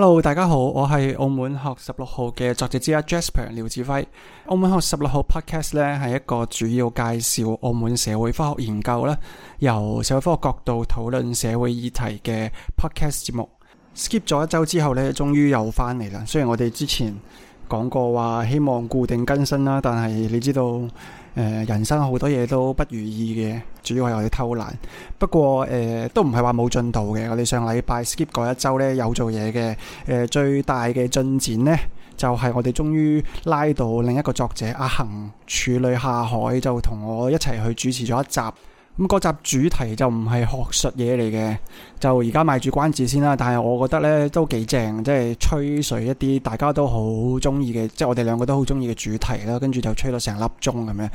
hello，大家好，我係澳門學十六號嘅作者之一 Jasper 廖志輝。澳門學十六號 podcast 咧，係一個主要介紹澳門社會科學研究啦，由社會科學角度討論社會議題嘅 podcast 節目。skip 咗一周之後咧，終於又翻嚟啦。雖然我哋之前講過話希望固定更新啦，但係你知道。誒，人生好多嘢都不如意嘅，主要係我哋偷懶。不過誒、呃，都唔係話冇進度嘅。我哋上禮拜 skip 嗰一周咧，有做嘢嘅。誒、呃，最大嘅進展呢，就係、是、我哋終於拉到另一個作者阿恒處女下海，就同我一齊去主持咗一集。咁嗰集主題就唔係學術嘢嚟嘅，就而家賣住關子先啦。但係我覺得呢都幾正，即係吹水一啲，大家都好中意嘅，即係我哋兩個都好中意嘅主題啦。跟住就吹咗成粒鐘咁樣。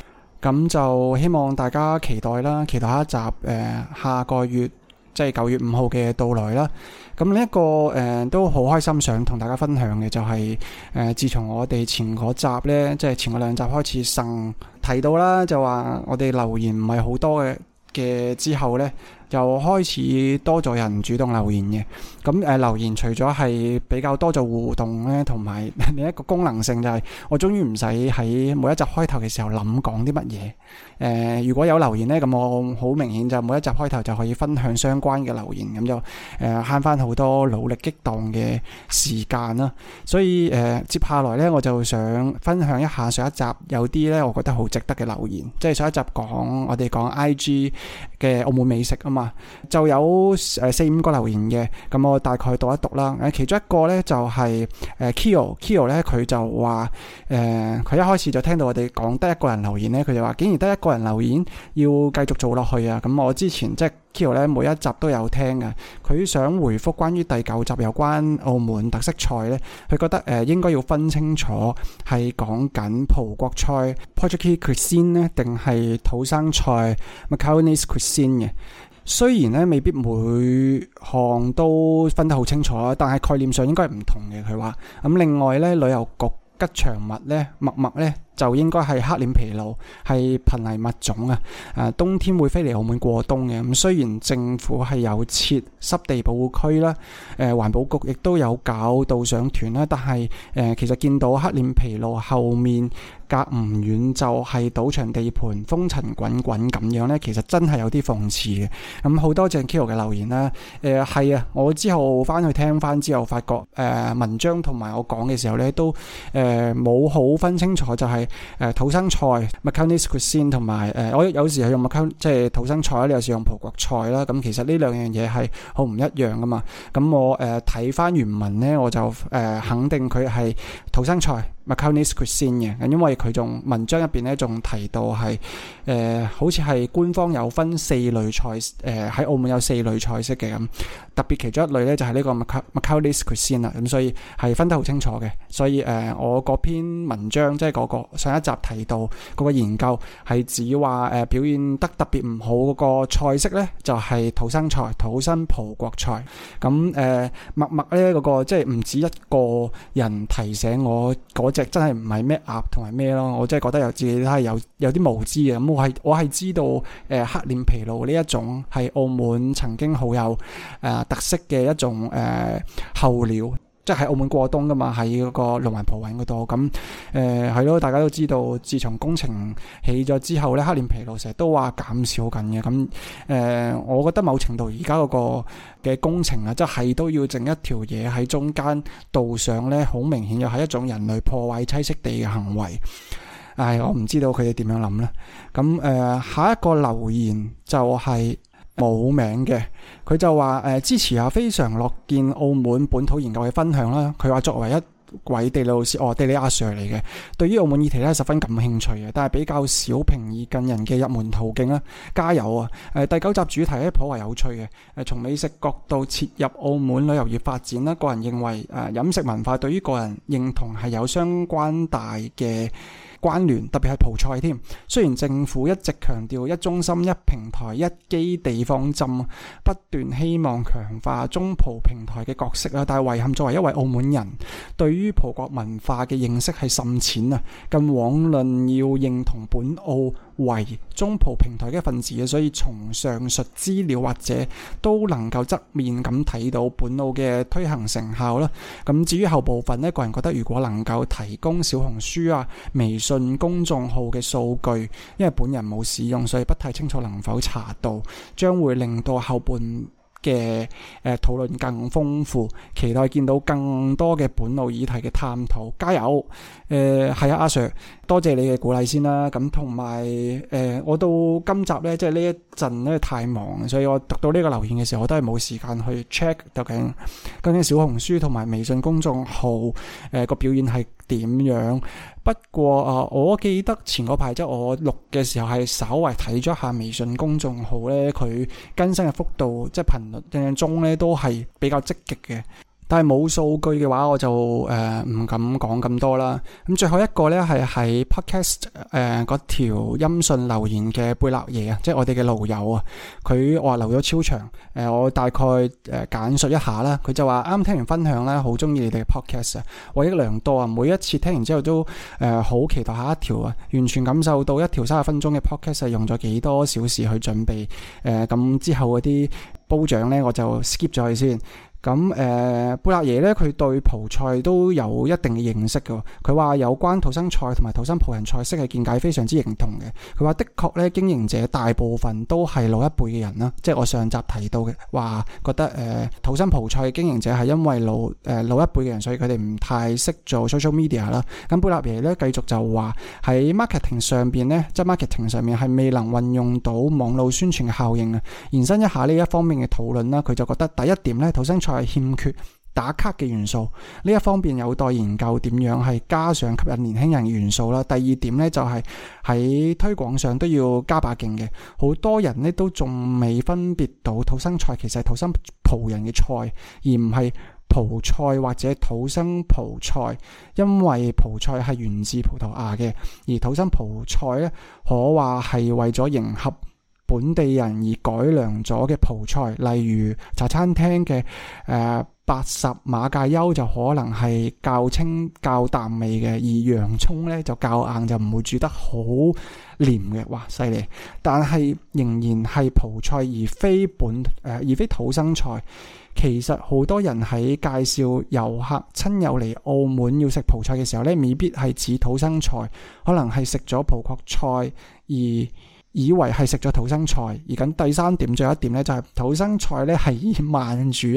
咁就希望大家期待啦，期待一集、呃、下個月，即係九月五號嘅到來啦。咁呢一個誒、呃、都好開心，想同大家分享嘅就係、是呃、自從我哋前嗰集呢，即、就、係、是、前個兩集開始曾提到啦，就話我哋留言唔係好多嘅嘅之後呢。又開始多咗人主動留言嘅，咁誒、呃、留言除咗係比較多做互動咧，同埋另一個功能性就係我終於唔使喺每一集開頭嘅時候諗講啲乜嘢？誒、呃、如果有留言呢，咁我好明顯就每一集開頭就可以分享相關嘅留言，咁就誒慳返好多努力激盪嘅時間啦。所以誒、呃、接下來呢，我就想分享一下上一集有啲呢，我覺得好值得嘅留言，即係上一集講我哋講 IG 嘅澳門美食啊嘛。就有四五個留言嘅，咁我大概讀一讀啦。其中一個咧就係 Kio，Kio 咧佢就話誒佢一開始就聽到我哋講得一個人留言咧，佢就話竟然得一個人留言，要繼續做落去啊！咁我之前即係 Kio 咧，每一集都有聽嘅。佢想回覆關於第九集有關澳門特色菜咧，佢覺得誒應該要分清楚係講緊葡國菜 （Portuguese cuisine） 咧，定係土生菜 m a c o n e s e cuisine） 嘅。雖然咧未必每項都分得好清楚，但係概念上應該係唔同嘅。佢話咁，另外咧旅遊局吉祥物咧默默咧。就應該係黑臉琵鷺，係瀕危物種啊，啊！冬天會飛嚟澳門過冬嘅。咁雖然政府係有設濕地保護區啦，誒、呃，環保局亦都有搞導賞團啦，但係、呃、其實見到黑臉琵鷺後面隔唔遠就係賭場地盤，風塵滾滾咁樣呢，其實真係有啲諷刺嘅。咁、嗯、好多謝 Kilo 嘅留言啦。係、呃、啊，我之後翻去聽翻之後，發覺、呃、文章同埋我講嘅時候呢，都冇好、呃、分清楚，就係、是。誒土生菜 Macanese cuisine，同埋誒我有時係用 Macanese，即係土生菜，你有時用葡國菜啦。咁其實呢兩樣嘢係好唔一樣噶嘛。咁我誒睇翻原文咧，我就誒、呃、肯定佢係土生菜 Macanese cuisine 嘅，因為佢仲文章入面咧仲提到係。嗯誒、呃，好似係官方有分四類菜誒，喺、呃、澳門有四類菜式嘅咁、嗯。特別其中一類咧，就係、是、呢個 Macanese cuisine 啦。咁所以係分得好清楚嘅。所以誒、呃，我嗰篇文章即係嗰個上一集提到嗰個研究係指話誒、呃、表現得特別唔好嗰個菜式咧，就係、是、土生菜、土生葡國菜。咁、嗯、誒、呃、默默咧嗰、那個即係唔止一個人提醒我嗰隻、那個、真係唔係咩鴨同埋咩咯？我真係覺得有自己有有啲無知嘅。咁、嗯。我係我係，知道，誒、呃，黑臉琵鷺呢一種係澳門曾經好有誒、呃、特色嘅一種誒、呃、候鳥，即係喺澳門過冬噶嘛，喺嗰個龍環葡韻嗰度。咁誒係咯，大家都知道，自從工程起咗之後咧，黑臉琵鷺成日都話減少緊嘅。咁誒、呃，我覺得某程度而家嗰個嘅工程啊，即係都要整一條嘢喺中間道上咧，好明顯又係一種人類破壞棲息地嘅行為。唉、哎，我唔知道佢哋點樣諗呢。咁誒、呃，下一個留言就係冇名嘅，佢就話誒、呃、支持下非常樂見澳門本土研究嘅分享啦。佢話作為一位地理老師，我、哦、地理阿 Sir 嚟嘅，對於澳門議題咧十分感興趣嘅，但係比較少平易近人嘅入門途徑啦。加油啊！誒、呃，第九集主題咧頗為有趣嘅，從、呃、從美食角度切入澳門旅遊業發展啦。個人認為誒、呃、飲食文化對於個人認同係有相關大嘅。關聯特別係葡菜添，雖然政府一直強調一中心一平台一基地方針，不斷希望強化中葡平台嘅角色，但係遺憾作為一位澳門人，對於葡國文化嘅認識係甚淺啊，更遑論要認同本澳。為中葡平台嘅份子，所以從上述資料或者都能夠側面咁睇到本澳嘅推行成效啦。咁至於後部分呢，個人覺得如果能夠提供小紅書啊、微信公眾號嘅數據，因為本人冇使用，所以不太清楚能否查到，將會令到後半。嘅誒討論更豐富，期待見到更多嘅本澳議題嘅探討。加油！誒、呃、係啊，阿 Sir，多謝你嘅鼓勵先啦。咁同埋誒，我到今集咧，即係呢一陣咧太忙，所以我讀到呢個留言嘅時候，我都係冇時間去 check 究竟究竟小紅書同埋微信公眾號誒個、呃、表現係點樣？不過啊，我記得前個排即我錄嘅時候，係稍微睇咗下微信公眾號咧，佢更新嘅幅度即係頻率，印象中咧都係比較積極嘅。但係冇數據嘅話，我就誒唔敢講咁多啦。咁最後一個呢，係喺 podcast 誒、呃、嗰條音訊留言嘅貝納爺啊，即係我哋嘅驢友啊，佢我話留咗超長。誒、呃，我大概誒、呃、簡述一下啦。佢就話啱聽完分享啦，好中意你哋嘅 podcast 啊，獲益良多啊。每一次聽完之後都誒好、呃、期待下一條啊，完全感受到一條三十分鐘嘅 podcast 係用咗幾多小時去準備誒。咁、呃、之後嗰啲褒獎呢，我就 skip 咗佢先。咁誒貝納爺咧，佢對葡菜都有一定嘅認識嘅。佢話有關土生菜同埋土生葡人菜式嘅見解非常之認同嘅。佢話的確咧，經營者大部分都係老一輩嘅人啦，即係我上集提到嘅話覺得誒、呃、土生葡菜嘅經營者係因為老、誒、呃、老一輩嘅人，所以佢哋唔太識做 social media 啦。咁貝納爺咧，繼續就話喺 marketing 上邊咧，即係 marketing 上面係未能運用到網絡宣傳嘅效應啊。延伸一下呢一方面嘅討論啦，佢就覺得第一點咧，土生菜。是欠缺打卡嘅元素，呢一方面有待研究點樣係加上吸引年輕人嘅元素啦。第二點呢，就係喺推廣上都要加把勁嘅。好多人呢都仲未分別到土生菜其實係土生葡人嘅菜，而唔係葡菜或者土生葡菜，因為葡菜係源自葡萄牙嘅，而土生葡菜咧可話係為咗迎合。本地人而改良咗嘅葡菜，例如茶餐廳嘅誒八十馬介休，就可能係較清較淡味嘅，而洋蔥咧就較硬，就唔會煮得好黏嘅，哇犀利！但係仍然係葡菜，而非本誒、呃、而非土生菜。其實好多人喺介紹遊客親友嚟澳門要食葡菜嘅時候咧，未必係指土生菜，可能係食咗葡國菜而。以為係食咗土生菜，而緊第三點仲有一點咧，就係土生菜咧係以慢煮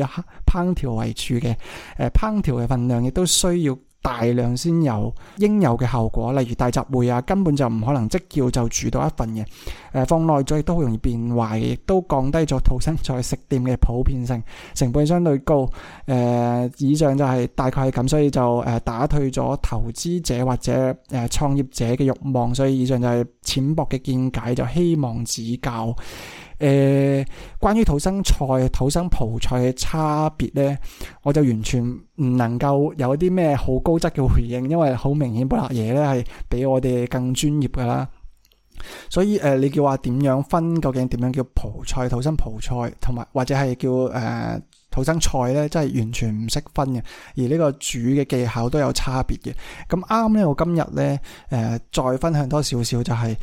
烹調為主嘅，誒、呃、烹調嘅份量亦都需要。大量先有應有嘅後果，例如大集會啊，根本就唔可能即叫就煮到一份嘅、呃。放耐咗亦都好容易變壞，亦都降低咗逃生菜食店嘅普遍性，成本相對高。誒、呃、以上就係大概係咁，所以就打退咗投資者或者誒創業者嘅慾望。所以以上就係淺薄嘅見解，就希望指教。誒、呃，關於土生菜、土生葡菜嘅差別呢，我就完全唔能夠有啲咩好高質嘅回應，因為好明顯不立爺呢係比我哋更專業噶啦。所以誒、呃，你叫話點樣分？究竟點樣叫葡菜、土生葡菜，同埋或者係叫誒、呃、土生菜呢，真係完全唔識分嘅。而呢個煮嘅技巧都有差別嘅。咁啱呢，我今日呢，誒、呃，再分享多少少就係、是。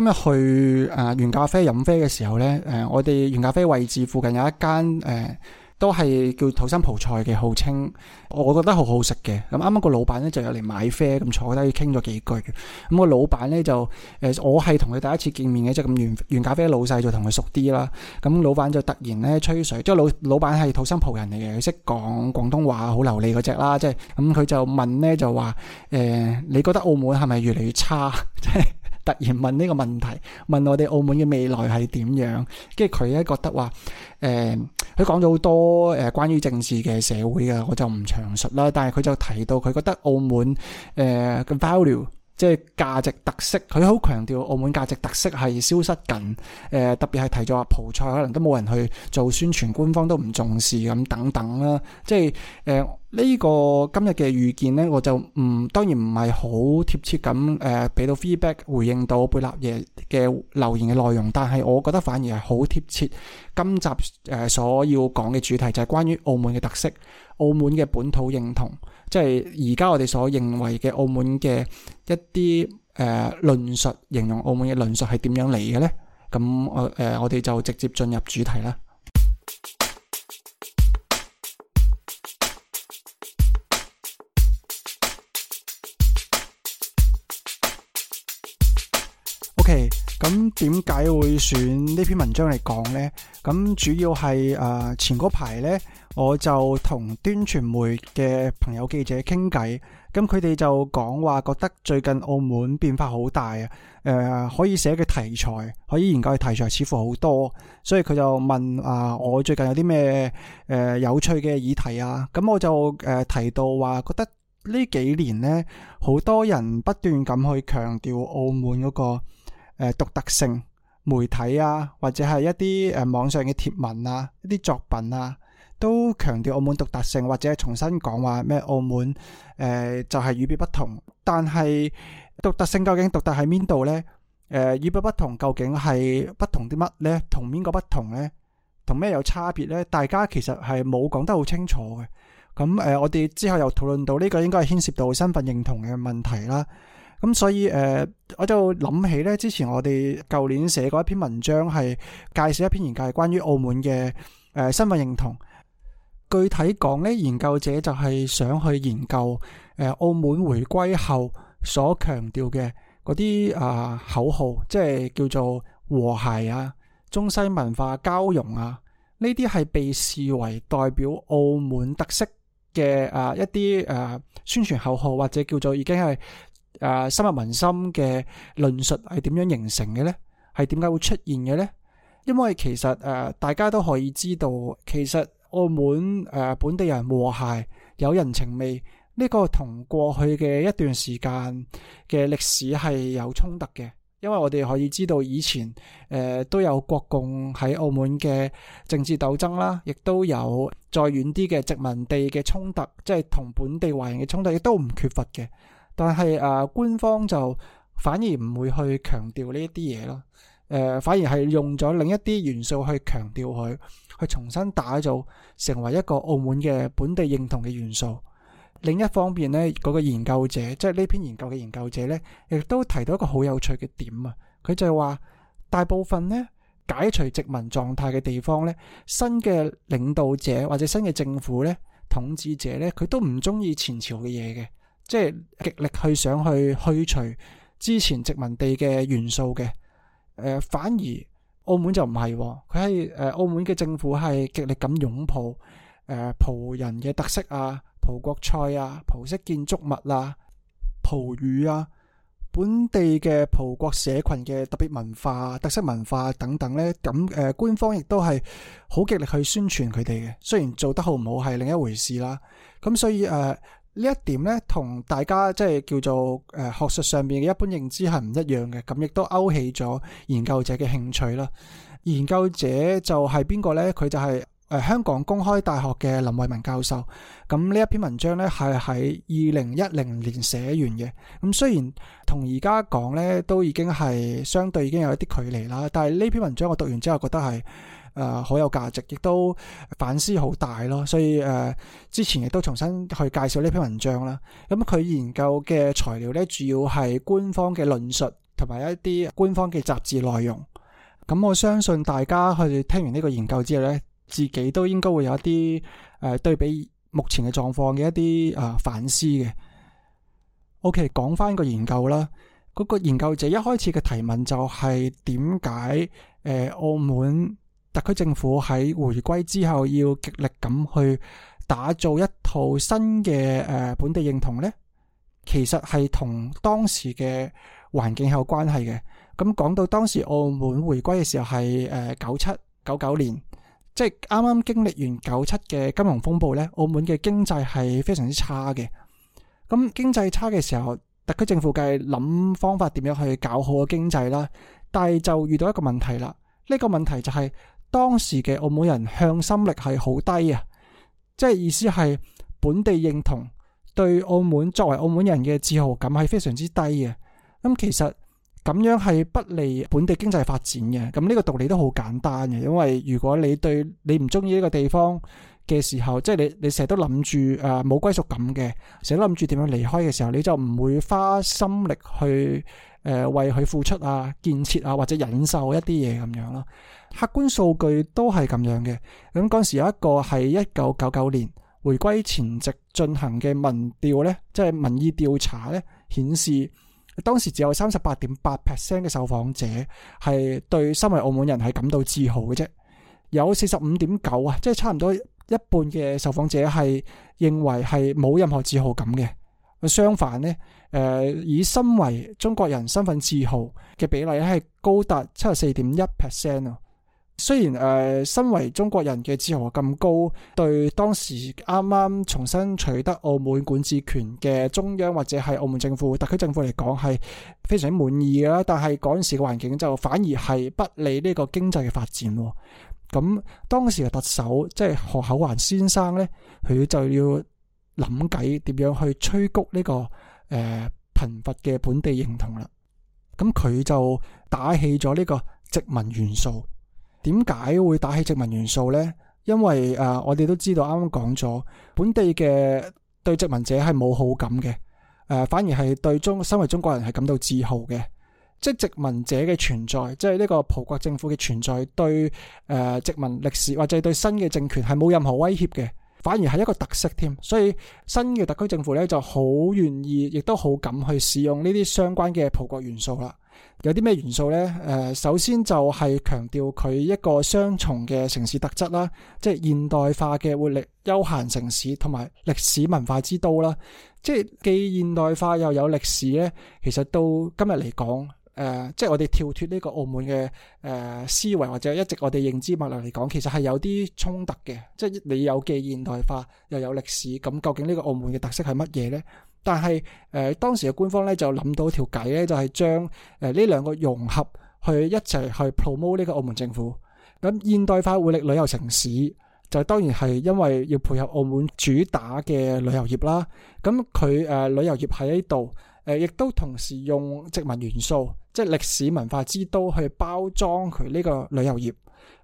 今日去啊原咖啡飲啡嘅時候呢，誒，我哋原咖啡位置附近有一間誒、呃，都係叫土生葡菜嘅號稱，我覺得好好食嘅。咁啱啱個老闆呢就有嚟買啡，咁坐低傾咗幾句。咁個老闆呢就誒，我係同佢第一次見面嘅，即係咁原原咖啡老細就同佢熟啲啦。咁老闆就突然呢吹水，即係老老闆係土生葡人嚟嘅，佢識講廣東話好流利嗰隻啦。即係咁佢就問呢，就話，誒、呃，你覺得澳門係咪越嚟越差？即係。突然問呢個問題，問我哋澳門嘅未來係點樣？跟住佢咧覺得話，誒、呃，佢講咗好多誒關於政治嘅社會噶，我就唔詳述啦。但係佢就提到佢覺得澳門誒嘅、呃、value。即係價值特色，佢好強調澳門價值特色係消失緊，誒、呃、特別係提咗阿葡菜可能都冇人去做宣傳，官方都唔重視咁等等啦。即係誒呢個今日嘅預見呢，我就唔當然唔係好貼切咁誒俾到 feedback 回應到貝納爺嘅留言嘅內容，但係我覺得反而係好貼切今集、呃、所要講嘅主題，就係關於澳門嘅特色、澳門嘅本土認同。即係而家我哋所認為嘅澳門嘅一啲誒、呃、論述，形容澳門嘅論述係點樣嚟嘅呢？咁、呃、我誒我哋就直接進入主題啦。OK，咁點解會選呢篇文章嚟講呢？咁主要係誒、呃、前嗰排呢。我就同端傳媒嘅朋友記者傾偈，咁佢哋就講話覺得最近澳門變化好大啊。誒、呃，可以寫嘅題材，可以研究嘅題材似乎好多，所以佢就問啊，我最近有啲咩誒有趣嘅議題啊？咁我就誒、呃、提到話，覺得呢幾年呢，好多人不斷咁去強調澳門嗰、那個誒獨、呃、特性，媒體啊，或者係一啲誒網上嘅貼文啊，一啲作品啊。都強調澳門獨特性，或者重新講話咩？澳門誒、呃、就係與別不同，但係獨特性，究竟獨特喺邊度呢？誒、呃，與別不同究竟係不同啲乜呢？同邊個不同呢？同咩有差別呢？大家其實係冇講得好清楚嘅。咁誒、呃，我哋之後又討論到呢個應該係牽涉到身份認同嘅問題啦。咁所以誒、呃，我就諗起呢，之前我哋舊年寫過一篇文章，係介紹一篇研究關於澳門嘅誒、呃、身份認同。具體講咧，研究者就係想去研究誒、呃，澳門回歸後所強調嘅嗰啲啊口號，即係叫做和諧啊、中西文化交融啊，呢啲係被視為代表澳門特色嘅啊一啲誒、啊、宣傳口號，或者叫做已經係誒深入民心嘅論述係點樣形成嘅呢？係點解會出現嘅呢？因為其實誒、啊、大家都可以知道，其實。澳門誒、呃、本地人和諧有人情味，呢、這個同過去嘅一段時間嘅歷史係有衝突嘅，因為我哋可以知道以前誒、呃、都有國共喺澳門嘅政治鬥爭啦，亦都有再遠啲嘅殖民地嘅衝突，即係同本地華人嘅衝突，亦都唔缺乏嘅。但係誒、呃、官方就反而唔會去強調呢一啲嘢咯。誒、呃，反而係用咗另一啲元素去強調佢，去重新打造成為一個澳門嘅本地認同嘅元素。另一方面呢，嗰個研究者即係呢篇研究嘅研究者呢，亦都提到一個好有趣嘅點啊。佢就係話大部分呢，解除殖民狀態嘅地方呢，新嘅領導者或者新嘅政府呢，統治者呢，佢都唔中意前朝嘅嘢嘅，即係極力去想去去除之前殖民地嘅元素嘅。誒、呃，反而澳門就唔係、哦，佢喺誒澳門嘅政府係極力咁擁抱誒葡、呃、人嘅特色啊，葡國菜啊，葡式建築物啊，葡語啊，本地嘅葡國社群嘅特別文化、啊、特色文化、啊、等等咧，咁誒、呃、官方亦都係好極力去宣傳佢哋嘅，雖然做得好唔好係另一回事啦，咁所以誒。呃呢一點咧，同大家即係叫做誒學術上面嘅一般認知係唔一樣嘅，咁亦都勾起咗研究者嘅興趣啦。研究者就係邊個咧？佢就係誒香港公開大學嘅林慧文教授。咁呢一篇文章咧，係喺二零一零年寫完嘅。咁雖然同而家講咧，都已經係相對已經有一啲距離啦，但係呢篇文章我讀完之後覺得係。誒好、呃、有價值，亦都反思好大咯。所以誒、呃，之前亦都重新去介紹呢篇文章啦。咁、嗯、佢研究嘅材料呢，主要係官方嘅論述同埋一啲官方嘅雜誌內容。咁、嗯、我相信大家去聽完呢個研究之後呢，自己都應該會有一啲誒、呃、對比目前嘅狀況嘅一啲啊、呃、反思嘅。O.K. 講翻個研究啦，嗰、那個研究者一開始嘅提問就係點解誒澳門特區政府喺回歸之後要極力咁去打造一套新嘅誒本地認同呢，其實係同當時嘅環境係有關係嘅。咁講到當時澳門回歸嘅時候係誒九七九九年，即係啱啱經歷完九七嘅金融風暴呢，澳門嘅經濟係非常之差嘅。咁經濟差嘅時候，特區政府梗係諗方法點樣去搞好個經濟啦。但係就遇到一個問題啦，呢個問題就係。當時嘅澳門人向心力係好低啊，即係意思係本地認同對澳門作為澳門人嘅自豪感係非常之低嘅。咁其實咁樣係不利本地經濟發展嘅。咁呢個道理都好簡單嘅，因為如果你對你唔中意呢個地方嘅時候，即係你你成日都諗住誒冇歸屬感嘅，成日都諗住點樣離開嘅時候，你就唔會花心力去。誒，為佢付出啊、建設啊，或者忍受一啲嘢，咁樣咯。客觀數據都係咁樣嘅。咁嗰時有一個係一九九九年回歸前夕進行嘅民調呢，即係民意調查呢，顯示當時只有三十八點八 percent 嘅受訪者係對身為澳門人係感到自豪嘅啫，有四十五點九啊，即係差唔多一半嘅受訪者係認為係冇任何自豪感嘅。相反呢，誒、呃，以身為中國人身份自豪嘅比例咧，係高達七十四點一 percent 啊。雖然誒、呃，身為中國人嘅自豪咁高，對當時啱啱重新取得澳門管治權嘅中央或者係澳門政府特區政府嚟講係非常滿意嘅啦，但係嗰陣時嘅環境就反而係不利呢個經濟嘅發展，哦。咁當時嘅特首即係何厚鏵先生呢，佢就要。諗計點樣去催谷呢、這個誒貧、呃、乏嘅本地認同啦？咁佢就打起咗呢個殖民元素。點解會打起殖民元素呢？因為誒、呃，我哋都知道啱啱講咗，本地嘅對殖民者係冇好感嘅，誒、呃，反而係對中身為中國人係感到自豪嘅。即係殖民者嘅存在，即係呢個葡國政府嘅存在對，對、呃、誒殖民歷史或者係對新嘅政權係冇任何威脅嘅。反而係一個特色添，所以新嘅特區政府咧，就好願意，亦都好敢去使用呢啲相關嘅葡國元素啦。有啲咩元素呢？誒、呃，首先就係強調佢一個雙重嘅城市特質啦，即係現代化嘅活力休閒城市，同埋歷史文化之都啦。即係既現代化又有歷史咧，其實到今日嚟講。誒、呃，即係我哋跳脱呢個澳門嘅，呃、思維，或者一直我哋認知物量嚟講，其實係有啲衝突嘅。即係你有嘅現代化，又有歷史，咁究竟呢個澳門嘅特色係乜嘢呢？但係誒、呃、當時嘅官方咧就諗到條計咧，就係將呢兩個融合去一齊去 promote 呢個澳門政府。咁現代化活力旅遊城市就當然係因為要配合澳門主打嘅旅遊業啦。咁佢，呃、旅遊業喺呢度。誒，亦都同時用殖民元素，即係歷史文化之都去包裝佢呢個旅遊業。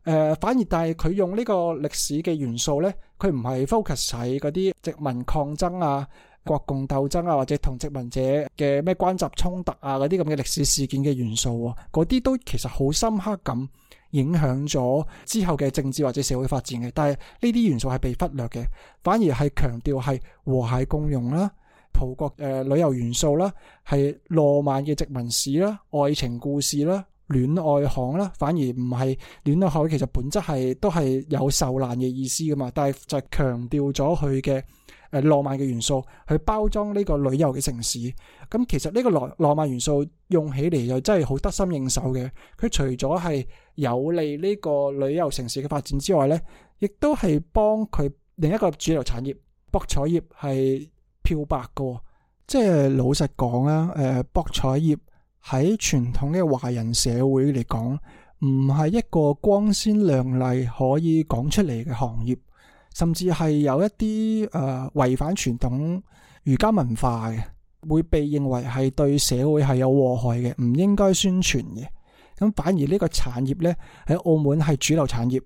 誒，反而但係佢用呢個歷史嘅元素咧，佢唔係 focus 喺嗰啲殖民抗爭啊、國共鬥爭啊，或者同殖民者嘅咩關閘衝突啊嗰啲咁嘅歷史事件嘅元素喎，嗰啲都其實好深刻咁影響咗之後嘅政治或者社會發展嘅。但係呢啲元素係被忽略嘅，反而係強調係和諧共融啦、啊，葡國誒旅遊元素啦，係浪漫嘅殖民史啦、愛情故事啦、戀愛行啦，反而唔係戀愛海，其實本質係都係有受難嘅意思噶嘛。但係就係強調咗佢嘅誒浪漫嘅元素去包裝呢個旅遊嘅城市。咁其實呢個浪浪漫元素用起嚟又真係好得心應手嘅。佢除咗係有利呢個旅遊城市嘅發展之外咧，亦都係幫佢另一個主流產業博彩業係漂白嘅。即係老實講啊，誒、呃、博彩業喺傳統嘅華人社會嚟講，唔係一個光鮮亮麗可以講出嚟嘅行業，甚至係有一啲誒、呃、違反傳統儒家文化嘅，會被認為係對社會係有禍害嘅，唔應該宣傳嘅。咁反而呢個產業呢喺澳門係主流產業。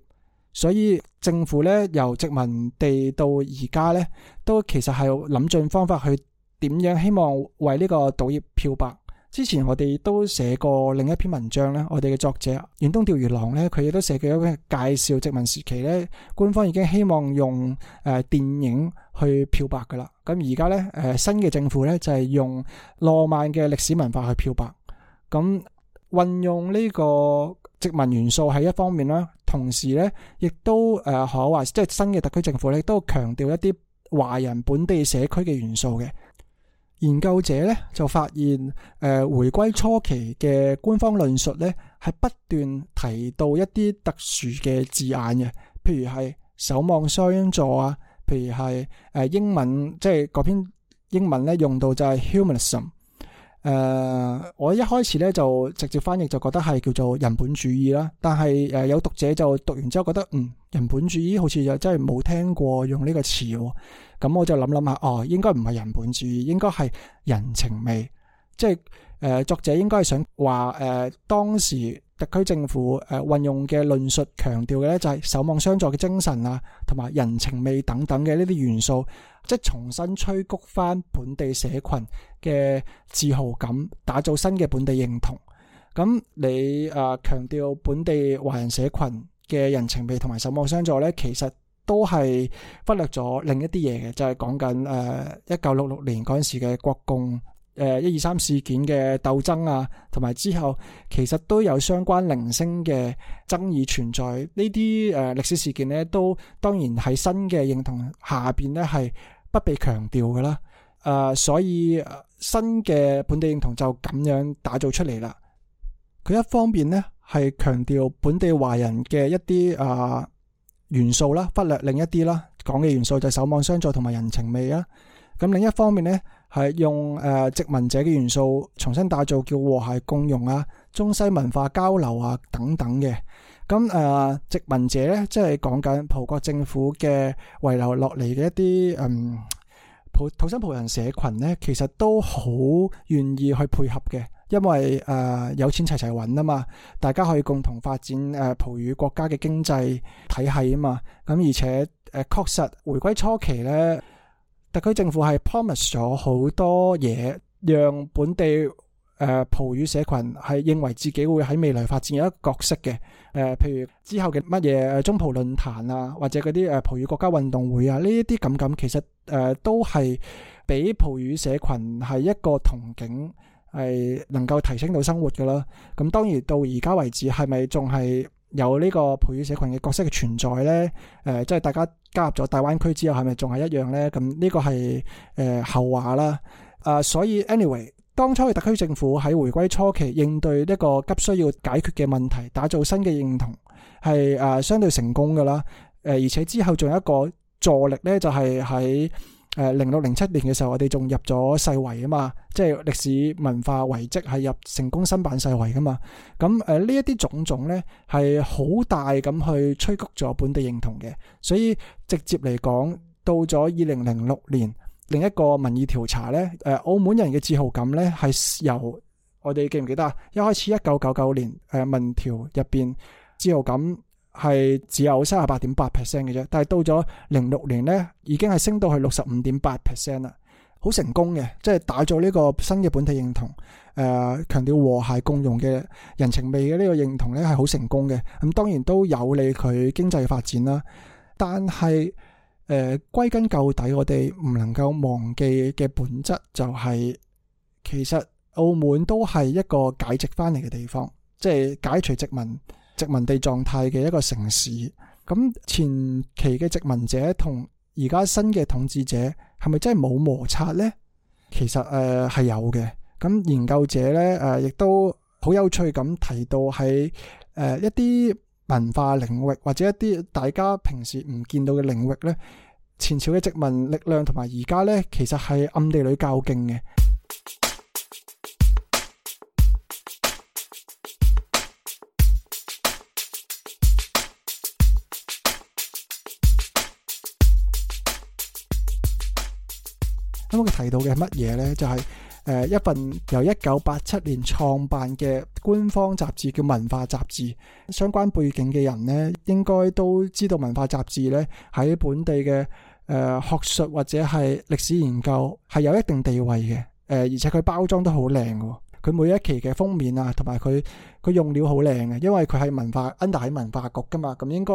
所以政府咧，由殖民地到而家咧，都其實係諗盡方法去點樣希望為呢個賭業漂白。之前我哋都寫過另一篇文章咧，我哋嘅作者遠東釣魚郎咧，佢亦都寫過一個介紹殖民時期咧，官方已經希望用誒、呃、電影去漂白噶啦。咁而家咧，誒、呃、新嘅政府咧就係、是、用浪漫嘅歷史文化去漂白，咁運用呢、這個。殖民元素係一方面啦，同時咧亦都誒、呃，可謂，即係新嘅特區政府咧都強調一啲華人本地社區嘅元素嘅。研究者咧就發現誒、呃、回歸初期嘅官方論述咧係不斷提到一啲特殊嘅字眼嘅，譬如係守望相助啊，譬如係誒、呃、英文即係嗰篇英文咧用到就係 humanism。誒，uh, 我一開始咧就直接翻譯就覺得係叫做人本主義啦，但係誒有讀者就讀完之後覺得嗯，人本主義好似又真係冇聽過用呢個詞喎，咁我就諗諗下，哦，應該唔係人本主義，應該係人情味，即係誒作者應該係想話誒、呃、當時。特區政府誒運用嘅論述，強調嘅咧就係守望相助嘅精神啊，同埋人情味等等嘅呢啲元素，即係重新吹谷返本地社群嘅自豪感，打造新嘅本地認同。咁你誒強調本地華人社群嘅人情味同埋守望相助咧，其實都係忽略咗另一啲嘢嘅，就係講緊一九六六年嗰陣時嘅國共。誒一二三事件嘅鬥爭啊，同埋之後其實都有相關零星嘅爭議存在。呢啲誒歷史事件呢，都當然喺新嘅認同下邊呢係不被強調嘅啦。誒、呃，所以新嘅本地認同就咁樣打造出嚟啦。佢一方面呢係強調本地華人嘅一啲誒、呃、元素啦，忽略另一啲啦，講嘅元素就係守望相助同埋人情味啊。咁另一方面呢，係用誒殖民者嘅元素重新打造，叫和諧共融啊，中西文化交流啊等等嘅。咁誒殖民者咧，即係講緊葡國政府嘅遺留落嚟，嘅一啲誒葡土生葡人社群咧，其實都好願意去配合嘅，因為誒、啊、有錢齊齊揾啊嘛，大家可以共同發展誒葡語國家嘅經濟體系啊嘛。咁而且誒、啊、確實回歸初期咧。特區政府係 promise 咗好多嘢，讓本地誒葡語社群係認為自己會喺未來發展有一個角色嘅。誒、呃，譬如之後嘅乜嘢中葡論壇啊，或者嗰啲誒葡語國家運動會啊，呢一啲咁咁，其實誒、呃、都係俾葡語社群係一個憧憬，係能夠提升到生活㗎啦。咁、嗯、當然到而家為止，係咪仲係有呢個葡語社群嘅角色嘅存在呢？誒、呃，即、就、係、是、大家。加入咗大灣區之後，係咪仲係一樣呢？咁呢個係誒、呃、後話啦。啊、呃，所以 anyway，當初嘅特區政府喺回歸初期應對呢個急需要解決嘅問題，打造新嘅認同係，係、呃、誒相對成功㗎啦、呃。而且之後仲有一個助力呢，就係喺。誒零六零七年嘅時候，我哋仲入咗世遺啊嘛，即係歷史文化遺跡係入，成功申辦世遺噶嘛。咁誒呢一啲種種呢，係好大咁去催谷咗本地認同嘅。所以直接嚟講，到咗二零零六年，另一個民意調查呢，誒澳門人嘅自豪感呢係由我哋記唔記得啊？一開始一九九九年誒民調入邊自豪感。係只有三十八點八 percent 嘅啫，但係到咗零六年咧，已經係升到去六十五點八 percent 啦，好成功嘅，即係打造呢個新嘅本地認同，誒、呃，強調和諧共融嘅人情味嘅呢個認同咧，係好成功嘅。咁、嗯、當然都有利佢經濟嘅發展啦，但係誒、呃，歸根究底，我哋唔能夠忘記嘅本質就係、是，其實澳門都係一個解殖翻嚟嘅地方，即係解除殖民。殖民地狀態嘅一個城市，咁前期嘅殖民者同而家新嘅統治者係咪真係冇摩擦呢？其實誒係、呃、有嘅。咁研究者咧誒亦都好有趣咁提到喺誒、呃、一啲文化領域或者一啲大家平時唔見到嘅領域咧，前朝嘅殖民力量同埋而家咧，其實係暗地裏較勁嘅。咁佢提到嘅係乜嘢呢？就係誒一份由一九八七年創辦嘅官方雜誌叫《文化雜誌》。相關背景嘅人呢，應該都知道《文化雜誌》呢喺本地嘅誒學術或者係歷史研究係有一定地位嘅。而且佢包裝都好靚喎。佢每一期嘅封面啊，同埋佢佢用料好靚嘅，因為佢係文化 under 喺文化局噶嘛，咁應該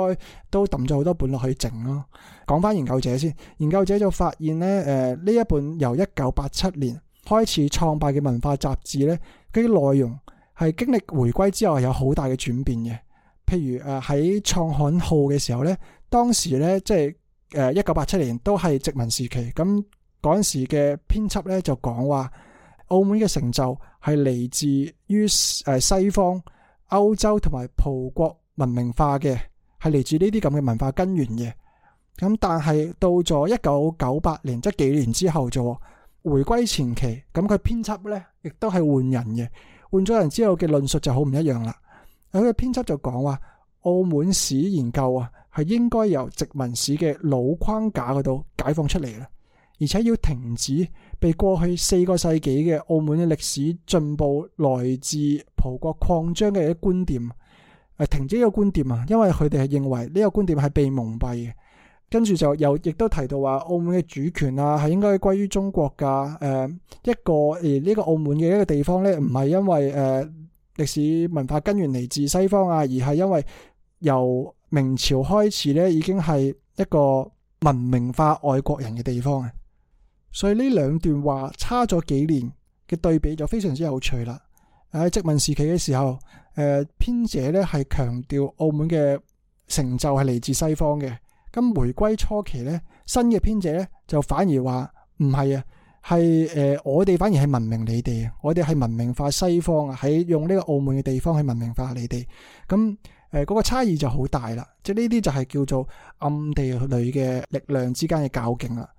都抌咗好多本落去整咯，啊。講翻研究者先，研究者就發現咧，誒、呃、呢一本由一九八七年開始創辦嘅文化雜誌咧，嗰啲內容係經歷回歸之後有好大嘅轉變嘅。譬如誒喺、呃、創刊號嘅時候咧，當時咧即係誒一九八七年都係殖民時期，咁嗰陣時嘅編輯咧就講話。澳門嘅成就係嚟自於誒西方歐洲同埋葡國文明化嘅，係嚟自呢啲咁嘅文化根源嘅。咁但係到咗一九九八年即係幾年之後就回歸前期，咁佢編輯咧亦都係換人嘅，換咗人之後嘅論述就好唔一樣啦。喺佢編輯就講話，澳門史研究啊，係應該由殖民史嘅老框架嗰度解放出嚟啦。而且要停止被過去四個世紀嘅澳門嘅歷史進步來自葡國擴張嘅一啲觀點，誒停止呢個觀點啊，因為佢哋係認為呢個觀點係被蒙蔽嘅。跟住就又亦都提到話澳門嘅主權啊，係應該歸於中國噶。誒，一個而呢個澳門嘅一個地方咧，唔係因為誒歷史文化根源嚟自西方啊，而係因為由明朝開始咧，已經係一個文明化外國人嘅地方啊。所以呢兩段話差咗幾年嘅對比就非常之有趣啦。喺殖民時期嘅時候，誒、呃、編者咧係強調澳門嘅成就係嚟自西方嘅。咁回歸初期咧，新嘅編者咧就反而話唔係啊，係誒、呃、我哋反而係文明你哋啊，我哋係文明化西方啊，喺用呢個澳門嘅地方去文明化你哋。咁誒嗰個差異就好大啦。即係呢啲就係、是、叫做暗地裏嘅力量之間嘅較勁啦。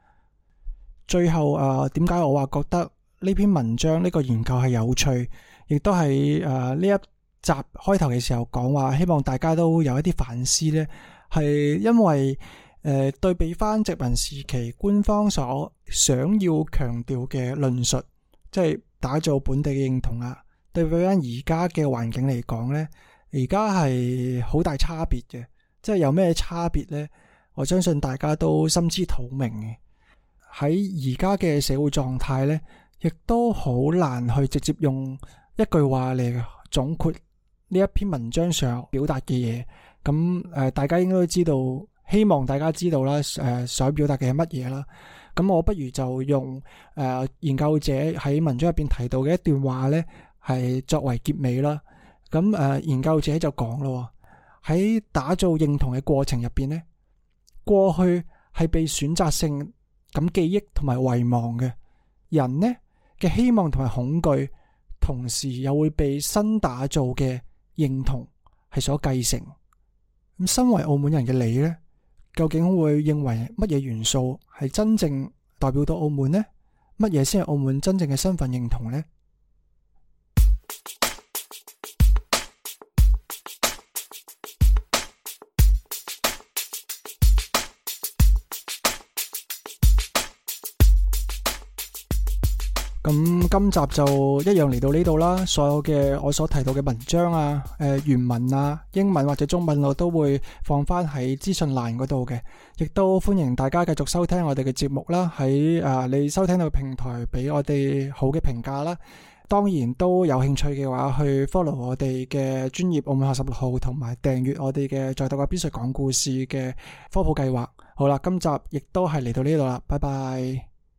最後啊，點解我話覺得呢篇文章呢個研究係有趣，亦都係誒呢一集開頭嘅時候講話，希望大家都有一啲反思呢係因為誒呃對比翻殖民時期官方所想要強調嘅論述，即係打造本地嘅認同啊，對比翻而家嘅環境嚟講呢，而家係好大差別嘅。即係有咩差別呢？我相信大家都心知肚明嘅。喺而家嘅社會狀態咧，亦都好難去直接用一句話嚟總括呢一篇文章上表達嘅嘢。咁、嗯、誒、呃，大家應該知道，希望大家知道、呃、所啦。誒、嗯，所表達嘅係乜嘢啦？咁我不如就用誒、呃、研究者喺文章入邊提到嘅一段話咧，係作為結尾啦。咁、嗯、誒、呃，研究者就講啦，喺打造認同嘅過程入邊咧，過去係被選擇性。咁記憶同埋遺忘嘅人呢嘅希望同埋恐懼，同時又會被新打造嘅認同係所繼承的。咁身為澳門人嘅你呢？究竟會認為乜嘢元素係真正代表到澳門呢？乜嘢先係澳門真正嘅身份認同呢？咁今集就一樣嚟到呢度啦，所有嘅我所提到嘅文章啊、誒、呃、原文啊、英文或者中文，我都會放翻喺資訊欄嗰度嘅，亦都歡迎大家繼續收聽我哋嘅節目啦，喺誒、啊、你收聽到嘅平台俾我哋好嘅評價啦，當然都有興趣嘅話去 follow 我哋嘅專頁澳門學十六號，同埋訂閱我哋嘅在《八嘅必述》講故事嘅科普計劃。好啦，今集亦都係嚟到呢度啦，拜拜。